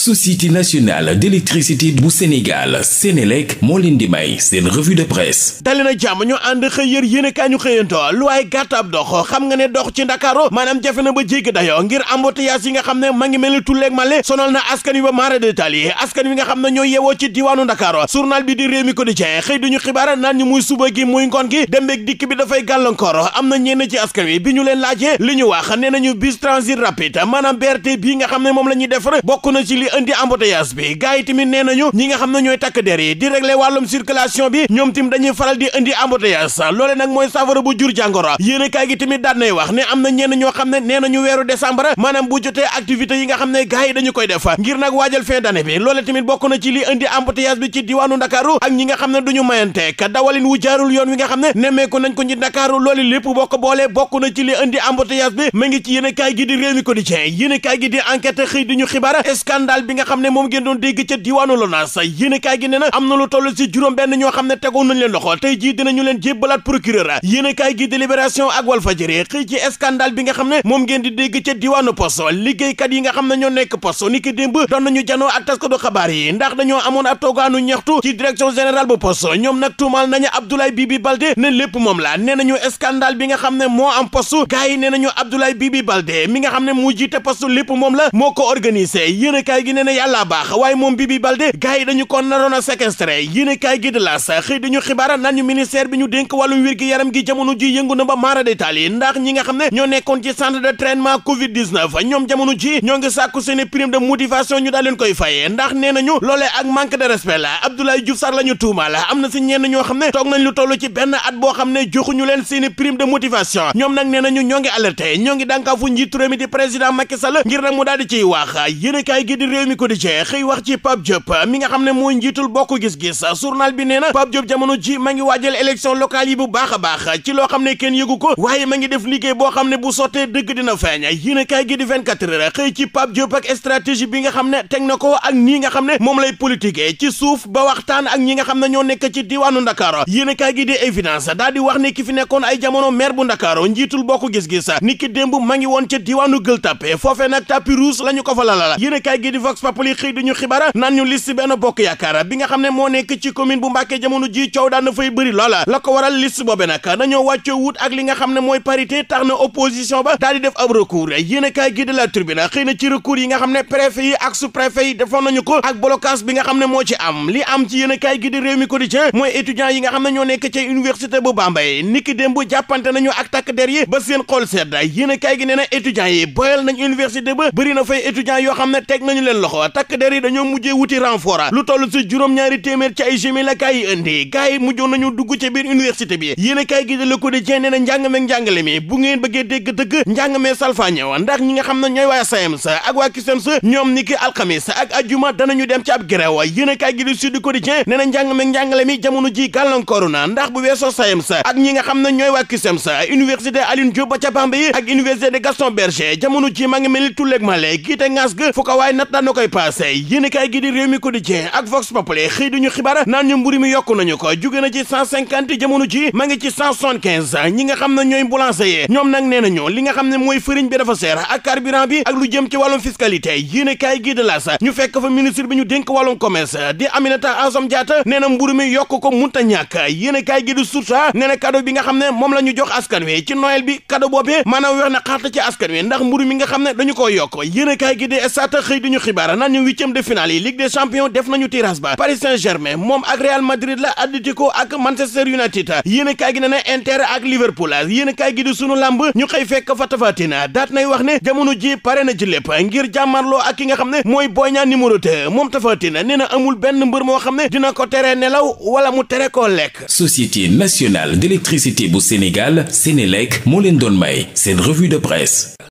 société nationale d'électricité bu Sénégal Sénélec moo leen di may seen revue de presse dali jàmm ñu ànd xëy yër yéen kaay ñu xëyanto lu waaye gàtt ab dox xam nga ne dox ci Ndakaaru maanaam jafe na ba jéggi dayoo ngir embouteillage yi nga xam ne ma ngi mel ni tulleeg male sonal na askan wi ba mara détaillé askan wi nga xam na ñoo yewoo ci diwaanu Ndakaaru journal bi di Rewmi Quotidien xëy duñu xibaar naan ñu muy suba gi muy ngoon gi dem ak dikk bi dafay gàllankoor am na ñenn ci askan wi bi ñu leen laajee li ñu wax nga xam ne moom la ñuy defar bokk indi embouteillage bi gars yi tamit nee nañu ñi nga xam ne ñooy takk der yi di régler wàllum circulation bi ñoom tim dañuy faral di indi embouteillage loole nag mooy saafara bu jur jàngoro yéen kaay gi tamit daan nay wax ne am na ñenn ñoo xam ne nee nañu weeru décembre maanaam bu jotee activité yi nga xam ne gars yi dañu koy def ngir nag waajal fin d'année bi loole tamit bokk na ci li indi embouteillage bi ci diwaanu Ndakaaru ak ñi nga xam ne duñu mayante ka dawalin wu jaarul yoon wi nga xam ne nemmeeku nañ ko ci Ndakaaru lépp bokk boole bokk na ci li indi embouteillage bi ma ngi ci yéen kaay gi di réew mi quotidien njaal bi nga xam ne moom ngeen doon dégg ca diwaanu Lonaas yéenekaay gi ne na am na lu toll ci juróom benn ñoo xam ne tegoon nañ leen loxo tey jii dinañu leen jébbalaat procureur yéenekaay gi délibération ak Walfadjri xëy ci scandale bi nga xam ne moom ngeen di dégg ca diwaanu poso liggéeykat yi nga xam ne ñoo nekk poso ni ki démb doon nañu janoo ak taskatu xabaar yi ndax dañoo amoon ab toogaanu ñaxtu ci direction générale bu poso ñoom nag tuumal nañu Abdoulaye lépp moom la nee nañu scandale bi nga xam ne moo am poste yi nee nañu Abdoulaye Bibi Baldé mi nga xam ne mu jiite poste lépp moom la moo ko organisé yéenekaay gi gi nee na yàlla baax waaye moom Bibi Balde gars yi dañu ko naroon a séquestré yéen kaay gi xëy dañu xibaara naan ñu ministère bi ñu dénk wàllum wér gi yaram gi jamono ji yëngu na ba maara détaal yi ndax ñi nga xam ne ñoo nekkoon ci centre de traitement covid 19 ñoom jamono ji ñoo ngi sàkku seen prime de motivation ñu daal leen koy fayee ndax nee nañu loolee ak manque de respect la Abdoulaye Diouf Sarr la ñu tuumaal am na si ñenn ñoo xam ne toog nañ lu toll ci benn at boo xam ne joxuñu leen seen prime de motivation ñoom nag nee nañu ñoo ngi alerté ñoo ngi dànkaafu njiitu réew mi di président Macky Sall ngir nag mu daal di ciy wax yéen réew mi quotidien xëy wax ci Pape Diop a baax ci loo xam ak stratégie bi nga xam ne teg na ko ak nii nga xam ne moom lay politique ci suuf ba waxtaan ak ñi nga xam ne ñoo nekk ci diwaanu Ndakaaru yéen a kaay gi di évidence daal di wax ne ki fi nekkoon ay jamono maire bu Ndakaaru njiitul bokk gis-gis ni démb ma ngi woon ca diwaanu Gueule Tapée foofee nag tapis rouge la ko fa lalala yéen a kaay gi di Vox Populi xëy di ñu xibaar naan ñu liste ne moo nekk ci commune bu Mbàkke jamono ji coow daan na fay bëri ak li nga xam ne mooy parité tax na opposition ba daal di def ab recours yéen a kaay gi de la tribune xëy na ci recours yi nga xam ne préfet yi ak sous-préfet yi defoon ko ak blocage bi nga xam ne moo ci am li am ci yéen a kaay gi di réew mi mooy étudiants yi nga xam ne ñoo nekk ci université bu Bambey niki démb jàppante nañu ak takk der yi ba seen xool sedd yéen a gi nee na étudiants yi boyal nañ université ba bëri na fay étudiants yoo xam ne teg nañu leen loxo takk der yi dañoo mujjee wuti renfort lu toll si juróom-ñaari téeméer ci ay jumelain yi indi gars nañu dugg ci biir université bi yéen kaay gi de Le Quotidien nee na njàng meeg njàngale mi bu ngeen bëggee dégg dëgg njàng mee salfaañe wa ndax ñi nga xam ne ñooy waa SAEMS e ak waa CUSEMS ñoom ni ki alxamis ak ajuma danañu dem ci ab grève yéen kaay gi di Sud Quotidien nee na njàng meeg njàngale mi jamono ji gàllankooru na ndax bu weesoo SAEMS e ak ñi nga xam ne ñooy waa CUSEMS université Alioune Diop ji maa ngi na koy paase yéenekaay gi di réew mi quotidien ak Vox Populi xëy duñu xibaar naan ñu mburu mi yokku nañu ko jóge na ci cent cinquante jamono ji ma ci cent soixante-quinze ñi nga xam ne ñooy boulanger yi ñoom nag nee nañu li nga xam ne mooy farine bi ak carburant bi ak lu jëm ci wàllum fiscalité yéenekaay gi de L'As ñu fekk fa ministre bi ñu dénk wàllum commerce di Aminata Assome Diatta nee mburu mi yokk ko munta ñàkk yéenekaay gi di Source A nee na bi moom la ñu jox askan wi ci Noël bi mi nga xam ne dañu ko yokk yéenekaay gi xibaar naan ñu huitième de finale yi Ligue des champions def nañu tirage ba Paris Saint-Germain moom ak Real Madrid la Atletico ak Manchester United yéen kaay gi ne na Inter ak Liverpool yéen kaay gi di sunu lamb ñu xëy fekk fa tafatina daat nay wax ne jamono ji pare na ci lépp ngir jàmmarloo ak ki nga xam ne mooy Boy Niang numéro 2 moom tafatina nee na amul benn mbër moo xam ne dina ko tere nelaw wala mu tere koo lekk. Société nationale d'électricité bu Sénégal Sénélec moo leen doon may seen revue de